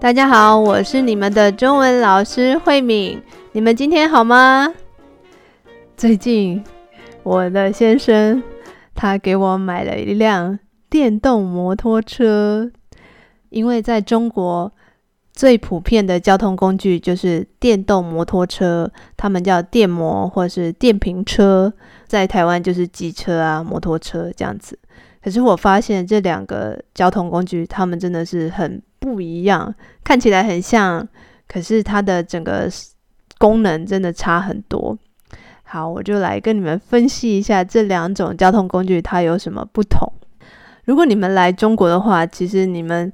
大家好，我是你們的中文老師慧敏。你們今天好嗎？最近，我的先生他給我買了一輛電動摩托車，因為在中國最普遍的交通工具就是電動摩托車，他們叫電摩或是電瓶車，在台灣就是機車啊，摩托車這樣子。可是我發現這兩個交通工具，它們真的是很不一樣，看起來很像，可是它的整個功能真的差很多。好，我就來跟你們分析一下這兩種交通工具它有什麼不同？如果你們來中國的話其實你們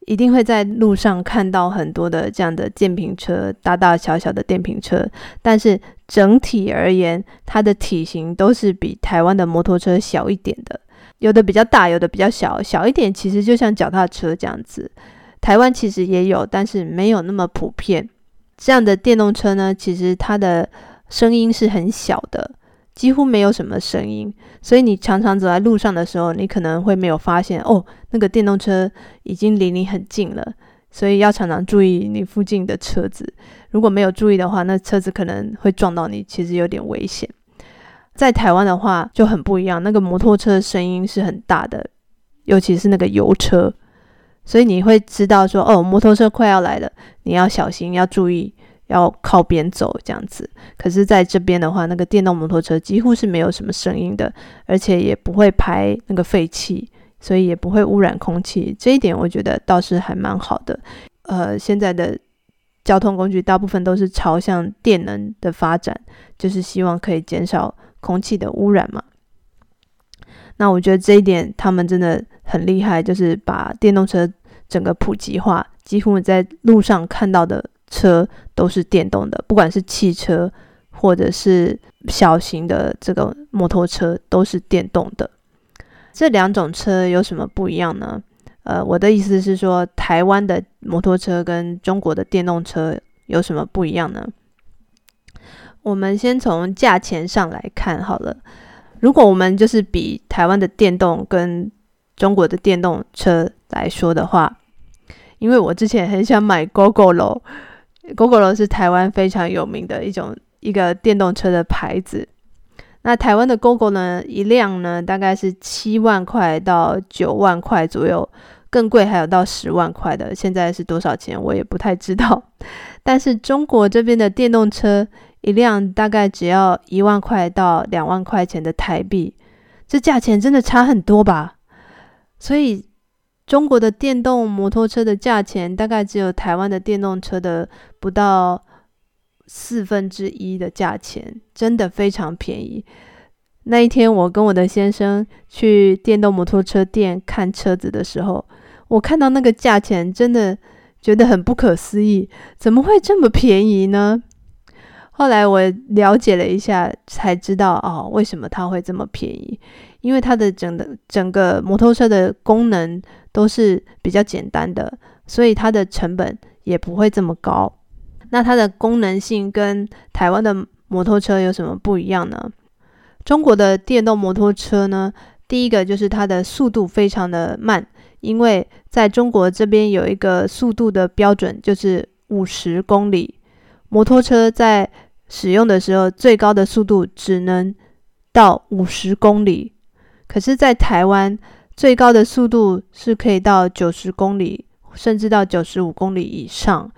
一定會在路上看到很多的這樣的電瓶車，大大小小的電瓶車，但是整體而言，它的體型都是比台灣的摩托車小一點的。有的比較大，有的比較小，小一點其實就像腳踏車這樣子。台灣其實也有，但是沒有那麼普遍。這樣的電動車呢，其實它的聲音是很小的，幾乎沒有什麼聲音。所以你常常走在路上的時候，你可能會沒有發現哦，那個電動車已經離你很近了。所以要常常注意你附近的車子，如果沒有注意的話，那車子可能會撞到你，其實有點危險。在台灣的話就很不一樣，那個摩托車聲音是很大的，尤其是那個油車，所以你會知道說，哦，摩托車快要來了，你要小心，要注意，要靠邊走這樣子。可是在這邊的話，那個電動摩托車幾乎是沒有什麼聲音的，而且也不會排那個廢氣，所以也不會污染空氣。這一點我覺得倒是還蠻好的。呃，現在的交通工具大部分都是朝向電能的發展，就是希望可以減少。空氣的污染，嘛，那我覺得這一點他們真的很厲害，就是把電動車整個普及化。幾乎你在路上看到的車都是電動的，不管是汽車或者是小型的這個摩托車都是電動的。這兩種車有什麼不一樣呢？呃，我的意思是說，台灣的摩托車跟中國的電動車有什麼不一樣呢？我們先從價錢上來看好了。如果我們就是比台灣的電動跟中國的電動車來說的話，因為我之前很想買 Gogoro，Gogoro 是台灣非常有名的一種一個電動車的牌子。那台灣的 Gogoro 呢，一輛呢大概是七萬塊到九萬塊左右，更貴還有到十萬塊的。現在是多少錢我也不太知道，但是中國這邊的電動車。一輛大概只要一萬塊到兩萬塊錢的台幣，這價錢真的差很多吧？所以中國的電動摩托車的價錢大概只有台灣的電動車的不到四分之一的價錢，真的非常便宜。那一天我跟我的先生去電動摩托車店看車子的時候，我看到那個價錢真的覺得很不可思議，怎麼會這麼便宜呢？後來我了解了一下，才知道哦，為什麼它會這麼便宜？因為它的整個整個摩托車的功能都是比較簡單的，所以它的成本也不會這麼高。那它的功能性跟台灣的摩托車有什麼不一樣呢？中國的電動摩托車呢，第一個就是它的速度非常的慢，因為在中國這邊有一個速度的標準，就是五十公里，摩托車在使用的時候，最高的速度只能到五十公里，可是，在台灣最高的速度是可以到九十公里，甚至到九十五公里以上。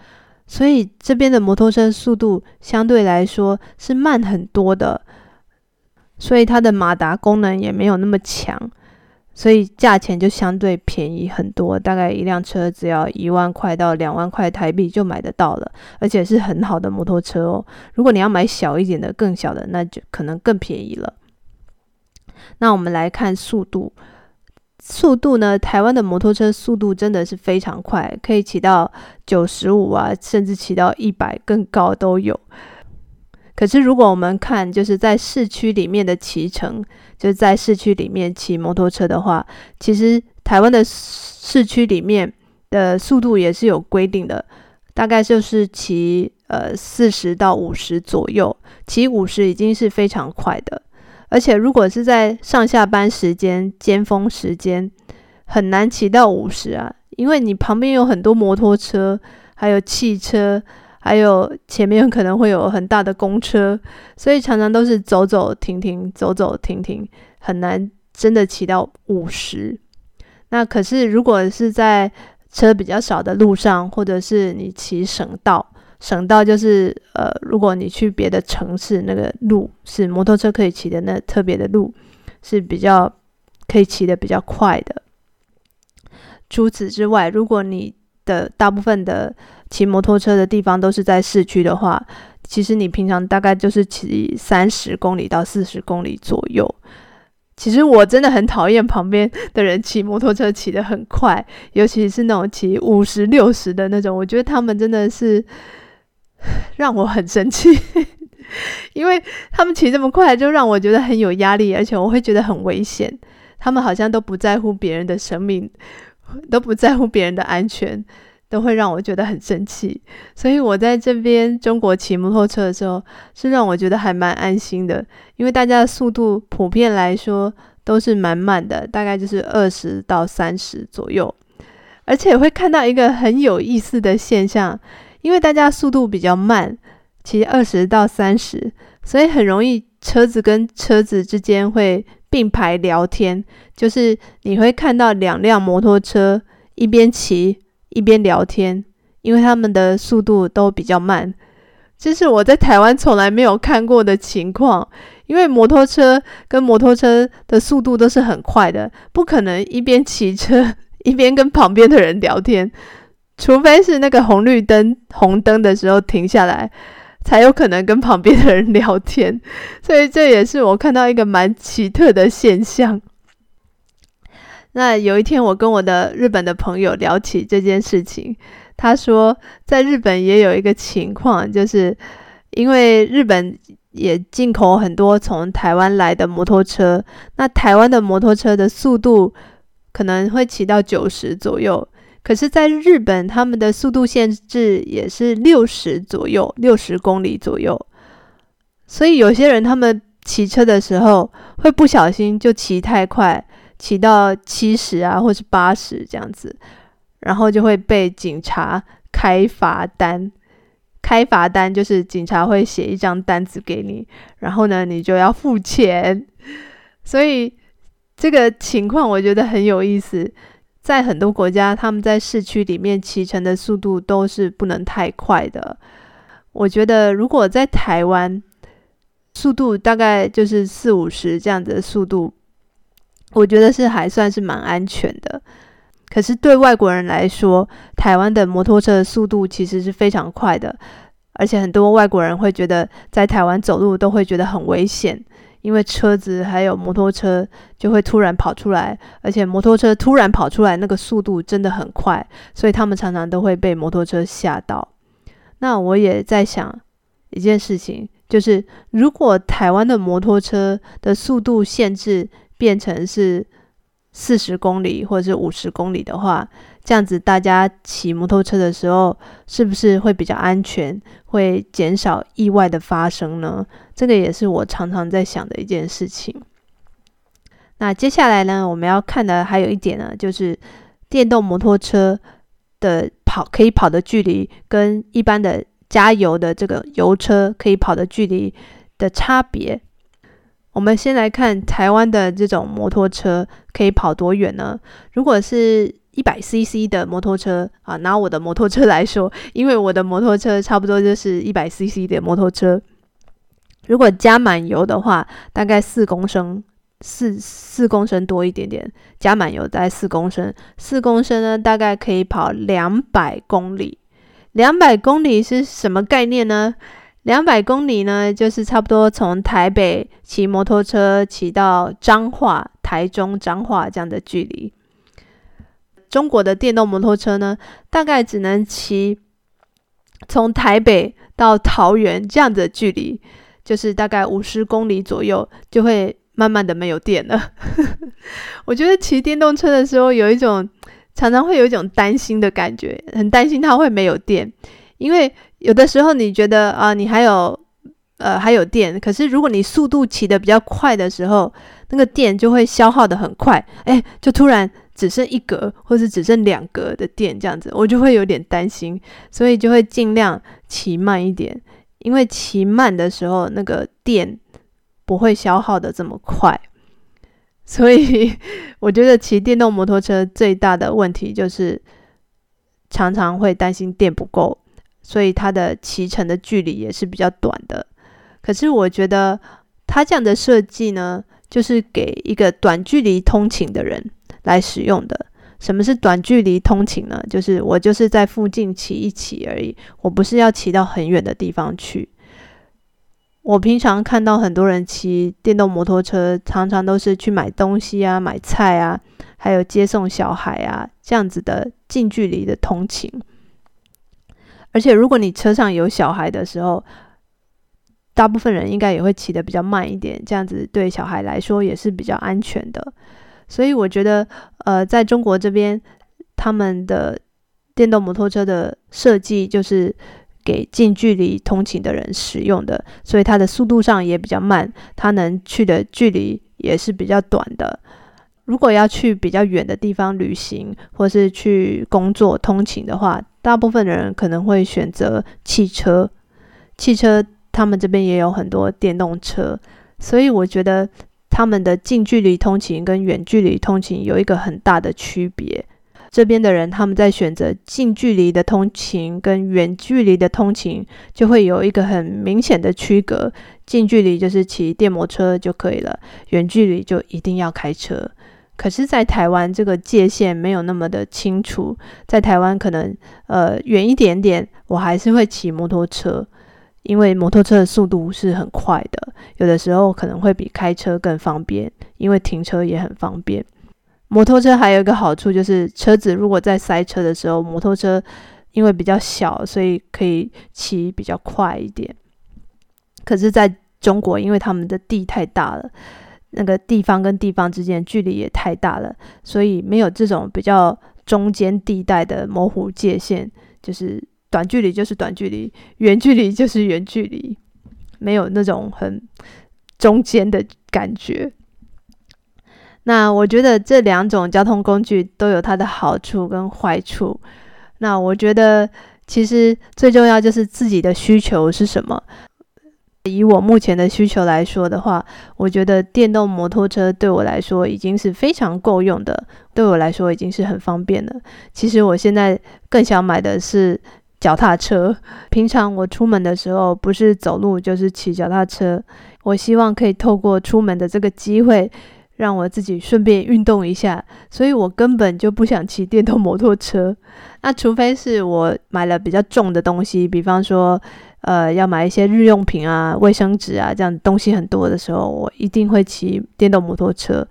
所以，這邊的摩托車速度相對來說是慢很多的，所以它的馬達功能也沒有那麼強。所以價錢就相對便宜很多，大概一輛車只要一萬塊到兩萬塊台幣就買得到了，而且是很好的摩托車哦。如果你要買小一點的、更小的，那就可能更便宜了。那我們來看速度，速度呢？台灣的摩托車速度真的是非常快，可以騎到九十五啊，甚至騎到一百，更高都有。可是，如果我們看就是在市區裡面的騎乘，就是在市區裡面騎摩托車的話，其實台灣的市區裡面的速度也是有規定的，大概就是騎呃四十到五十左右，騎五十已經是非常快的。而且，如果是在上下班時間、尖峰時間，很難騎到五十啊，因為你旁邊有很多摩托車，還有汽車。還有前面可能會有很大的公車，所以常常都是走走停停，走走停停，很難真的騎到五十。那可是如果是在車比較少的路上，或者是你騎省道，省道就是呃，如果你去別的城市，那個路是摩托車可以騎的那特別的路，是比較可以騎的比較快的。除此之外，如果你的大部分的騎摩托車的地方都是在市區的話，其實你平常大概就是騎三十公里到四十公里左右。其實我真的很討厭旁邊的人騎摩托車騎得很快，尤其是那種騎五十六十的那種，我覺得他們真的是讓我很生氣， 因為他們騎這麼快就讓我覺得很有壓力，而且我會覺得很危險，他們好像都不在乎別人的生命。都不在乎別人的安全，都會讓我覺得很生氣。所以我在這邊中國騎摩托車的時候，是讓我覺得還蠻安心的，因為大家的速度普遍來說都是蠻慢的，大概就是二十到三十左右。而且會看到一個很有意思的現象，因為大家速度比較慢，騎二十到三十，所以很容易。車子跟車子之間會並排聊天，就是你會看到兩輛摩托車一邊騎一邊聊天，因為他們的速度都比較慢，這是我在台灣從來沒有看過的情況。因為摩托車跟摩托車的速度都是很快的，不可能一邊騎車一邊跟旁邊的人聊天，除非是那個紅綠燈、紅燈的時候停下來。才有可能跟旁邊的人聊天，所以這也是我看到一個蠻奇特的現象。那有一天，我跟我的日本的朋友聊起這件事情，他說，在日本也有一個情況，就是因為日本也進口很多從台灣來的摩托車，那台灣的摩托車的速度可能會騎到九十左右。可是，在日本，他們的速度限制也是六十左右，六十公里左右。所以，有些人他們騎車的時候會不小心就騎太快，騎到七十啊，或是八十這樣子，然後就會被警察開罰單。開罰單就是警察會寫一張單子給你，然後呢，你就要付錢。所以，這個情況我覺得很有意思。在很多國家，他們在市區裡面騎乘的速度都是不能太快的。我覺得，如果在台灣，速度大概就是四五十這樣子的速度，我覺得是還算是蠻安全的。可是對外國人來說，台灣的摩托車速度其實是非常快的，而且很多外國人會覺得在台灣走路都會覺得很危險。因為車子還有摩托車就會突然跑出來，而且摩托車突然跑出來那個速度真的很快，所以他們常常都會被摩托車嚇到。那我也在想一件事情，就是如果台灣的摩托車的速度限制變成是四十公里或者是五十公里的話，這樣子大家騎摩托車的時候是不是會比較安全，會減少意外的發生呢？這個也是我常常在想的一件事情。那接下來呢，我們要看的還有一點呢，就是電動摩托車的跑，可以跑的距離，跟一般的加油的這個油車可以跑的距離的差別。我們先來看台灣的這種摩托車可以跑多遠呢？如果是一百 CC 的摩托車啊，拿我的摩托車來說，因為我的摩托車差不多就是一百 CC 的摩托車。如果加滿油的話，大概四公升，四四公升多一點點。加滿油在四公升，四公升呢，大概可以跑兩百公里。兩百公里是什麼概念呢？兩百公里呢，就是差不多從台北騎摩托車騎到彰化、台中、彰化這樣的距離。中國的電動摩托車呢，大概只能騎從台北到桃園這樣子的距離。就是大概五十公里左右就會慢慢的沒有電了。 我覺得騎電動車的時候有一種常常會有一種擔心的感覺，很擔心它會沒有電，因為有的時候你覺得啊，你還有呃還有電，可是如果你速度騎得比較快的時候，那個電就會消耗得很快，哎，就突然只剩一格或是只剩兩格的電這樣子，我就會有點擔心，所以就會盡量騎慢一點。因為騎慢的時候，那個電不會消耗的這麼快，所以我覺得騎電動摩托車最大的問題就是常常會擔心電不夠，所以它的騎乘的距離也是比較短的。可是我覺得它這樣的設計呢，就是給一個短距離通勤的人來使用的。什麼是短距離通勤呢？就是我就是在附近騎一騎而已，我不是要騎到很遠的地方去。我平常看到很多人騎電動摩托車，常常都是去買東西啊、買菜啊，還有接送小孩啊，這樣子的近距離的通勤。而且如果你車上有小孩的時候，大部分人應該也會騎得比較慢一點，這樣子對小孩來說也是比較安全的。所以我覺得，呃，在中國這邊，他們的電動摩托車的設計就是給近距離通勤的人使用的，所以它的速度上也比較慢，它能去的距離也是比較短的。如果要去比較遠的地方旅行，或是去工作通勤的話，大部分人可能會選擇汽車。汽車他們這邊也有很多電動車，所以我覺得。他們的近距離通勤跟遠距離通勤有一個很大的區別。這邊的人他們在選擇近距離的通勤跟遠距離的通勤，就會有一個很明顯的區隔。近距離就是騎電摩車就可以了，遠距離就一定要開車。可是，在台灣這個界線沒有那麼的清楚。在台灣，可能呃遠一點點，我還是會騎摩托車，因為摩托車的速度是很快的。有的時候可能會比開車更方便，因為停車也很方便。摩托車還有一個好處就是，車子如果在塞車的時候，摩托車因為比較小，所以可以騎比較快一點。可是在中國，因為他們的地太大了，那個地方跟地方之間距離也太大了，所以沒有這種比較中間地帶的模糊界限，就是短距離就是短距離，遠距離就是遠距離。沒有那種很中間的感覺。那我覺得這兩種交通工具都有它的好處跟壞處。那我覺得其實最重要就是自己的需求是什麼。以我目前的需求來說的話，我覺得電動摩托車對我來說已經是非常夠用的，對我來說已經是很方便了。其實我現在更想買的是。腳踏車，平常我出門的時候不是走路就是騎腳踏車。我希望可以透過出門的這個機會，讓我自己順便運動一下，所以我根本就不想騎電動摩托車。那除非是我買了比較重的東西，比方說，呃，要買一些日用品啊、衛生紙啊這樣東西很多的時候，我一定會騎電動摩托車。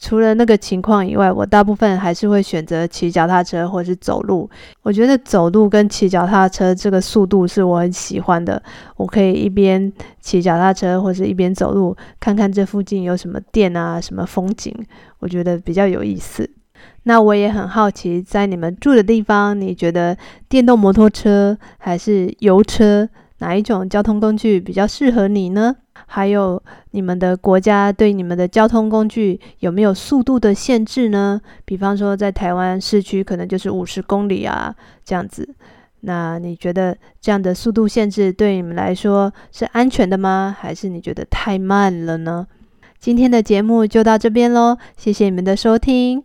除了那個情況以外，我大部分還是會選擇騎腳踏車或者是走路。我覺得走路跟騎腳踏車這個速度是我很喜歡的。我可以一邊騎腳踏車或者一邊走路，看看這附近有什麼店啊、什麼風景，我覺得比較有意思。那我也很好奇，在你們住的地方，你覺得電動摩托車還是油車？哪一種交通工具比較適合你呢？還有，你們的國家對你們的交通工具有沒有速度的限制呢？比方說，在台灣市區可能就是五十公里啊，這樣子。那你覺得這樣的速度限制對你們來說是安全的嗎？還是你覺得太慢了呢？今天的節目就到這邊嘍，謝謝你們的收聽。